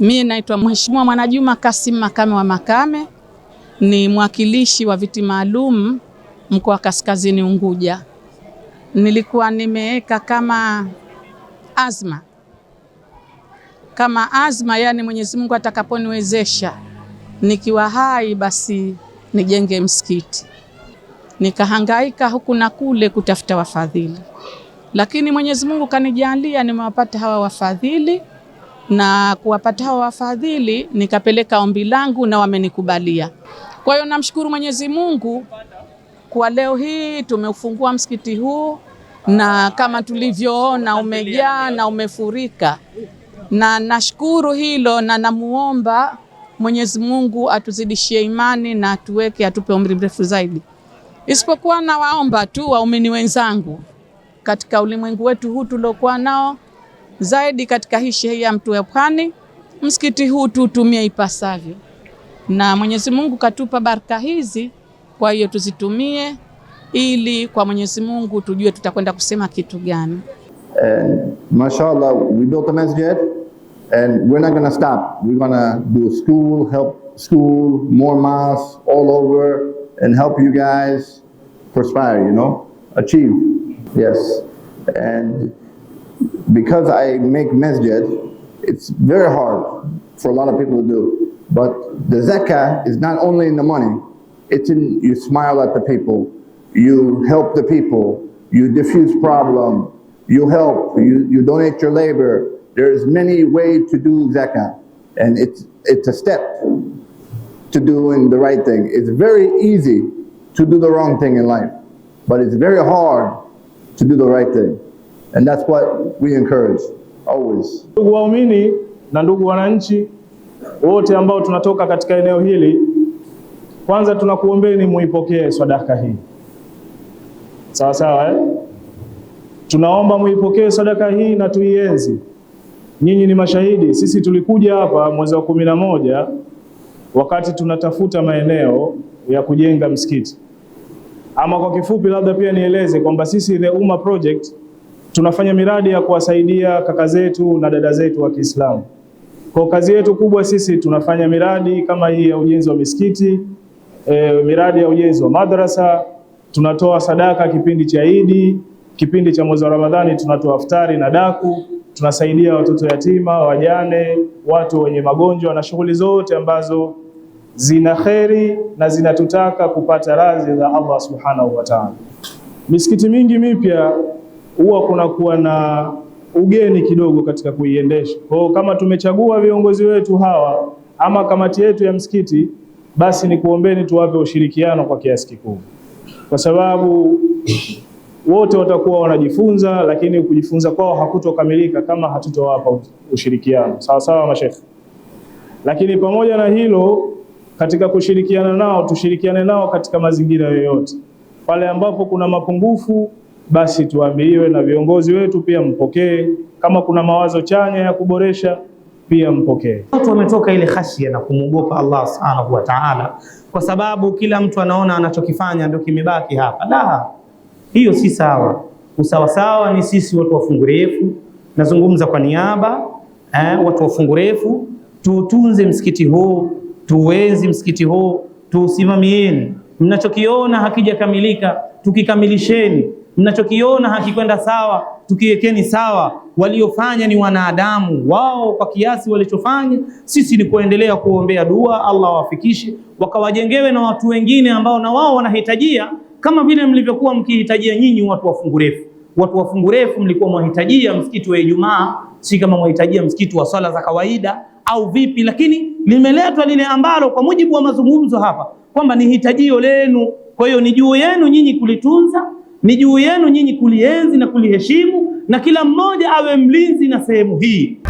Mimi naitwa Mheshimiwa Mwanajuma Kasim Makame wa Makame, ni mwakilishi wa viti maalum mkoa wa Kaskazini Unguja. Nilikuwa nimeweka kama azma kama azma, yani Mwenyezi Mungu atakaponiwezesha nikiwa hai, basi nijenge msikiti. Nikahangaika huku na kule kutafuta wafadhili, lakini Mwenyezi Mungu kanijalia, nimewapata hawa wafadhili na kuwapata hao wafadhili, nikapeleka ombi langu na wamenikubalia. Kwa hiyo namshukuru Mwenyezi Mungu kwa leo hii tumeufungua msikiti huu, na kama tulivyoona umejaa na umefurika, na nashukuru hilo, na namuomba Mwenyezi Mungu atuzidishie imani na atuweke atupe umri mrefu zaidi. Isipokuwa nawaomba tu waumini wenzangu katika ulimwengu wetu huu tuliokuwa nao zaidi katika hii shehia ya wa Pwani. Msikiti huu tuutumie ipasavyo, na Mwenyezi Mungu katupa baraka hizi, kwa hiyo tuzitumie ili kwa Mwenyezi Mungu tujue tutakwenda kusema kitu gani. And mashallah we built the masjid and we're not going to stop. We're going to do school, help school, more mass all over and help you guys perspire, you know, achieve. Yes. And because I make masjid, it's very hard for a lot of people to do. But the zakah is not only in the money, it's in you smile at the people, you help the people, you diffuse problem, you help, you, you donate your labor. There's many ways to do zakah. And it's, it's a step to doing the right thing. It's very easy to do the wrong thing in life, but it's very hard to do the right thing. And that's what we encourage always. Ndugu waumini na ndugu wananchi wote ambao tunatoka katika eneo hili, kwanza tunakuombeni muipokee sadaka hii sawa sawa, eh? Tunaomba muipokee sadaka hii na tuienzi. Nyinyi ni mashahidi, sisi tulikuja hapa mwezi wa kumi na moja wakati tunatafuta maeneo ya kujenga msikiti. Ama kwa kifupi, labda pia nieleze kwamba sisi The Ummah Project tunafanya miradi ya kuwasaidia kaka zetu na dada zetu wa Kiislamu. Kwa kazi yetu kubwa sisi tunafanya miradi kama hii ya ujenzi wa misikiti, e, miradi ya ujenzi wa madrasa, tunatoa sadaka kipindi cha Idi, kipindi cha mwezi wa Ramadhani tunatoa iftari na daku, tunasaidia watoto yatima, wajane, watu wenye magonjwa na shughuli zote ambazo zina kheri na zinatutaka kupata radhi za Allah Subhanahu wa Ta'ala. Misikiti mingi mipya huwa kunakuwa na ugeni kidogo katika kuiendesha. Kwa kama tumechagua viongozi wetu hawa ama kamati yetu ya msikiti, basi ni kuombeni tuwape ushirikiano kwa kiasi kikubwa, kwa sababu wote watakuwa wanajifunza, lakini kujifunza kwao hakutokamilika kama hatutowapa ushirikiano sawa sawa, mashekhe. Lakini pamoja na hilo, katika kushirikiana nao tushirikiane nao katika mazingira yoyote, pale ambapo kuna mapungufu basi tuambiwe na viongozi wetu pia mpokee. Kama kuna mawazo chanya ya kuboresha pia mpokee. Watu wametoka ile khashia na kumwogopa Allah subhanahu wa ta'ala, kwa sababu kila mtu anaona anachokifanya ndio kimebaki hapa. La, hiyo si sawa. Usawasawa ni sisi watu wafungu refu, nazungumza kwa niaba eh, watu wafungu refu, tutunze msikiti huu, tuwezi msikiti huu, tusimamieni Mnachokiona hakijakamilika, tukikamilisheni mnachokiona hakikwenda sawa, tukiwekeni sawa. Waliofanya ni wanadamu, wao kwa kiasi walichofanya. Sisi ni kuendelea kuombea dua, Allah wafikishe wakawajengewe na watu wengine ambao na wao wanahitajia, kama vile mlivyokuwa mkihitajia nyinyi watu wa fungu refu. Watu wa fungu refu mlikuwa mwahitajia msikiti wa Ijumaa, si kama mwahitajia msikiti wa swala za kawaida au vipi? Lakini limeletwa lile ambalo kwa mujibu wa mazungumzo hapa kwamba ni hitajio lenu, kwa hiyo ni juu yenu nyinyi kulitunza ni juu yenu nyinyi kulienzi na kuliheshimu, na kila mmoja awe mlinzi na sehemu hii.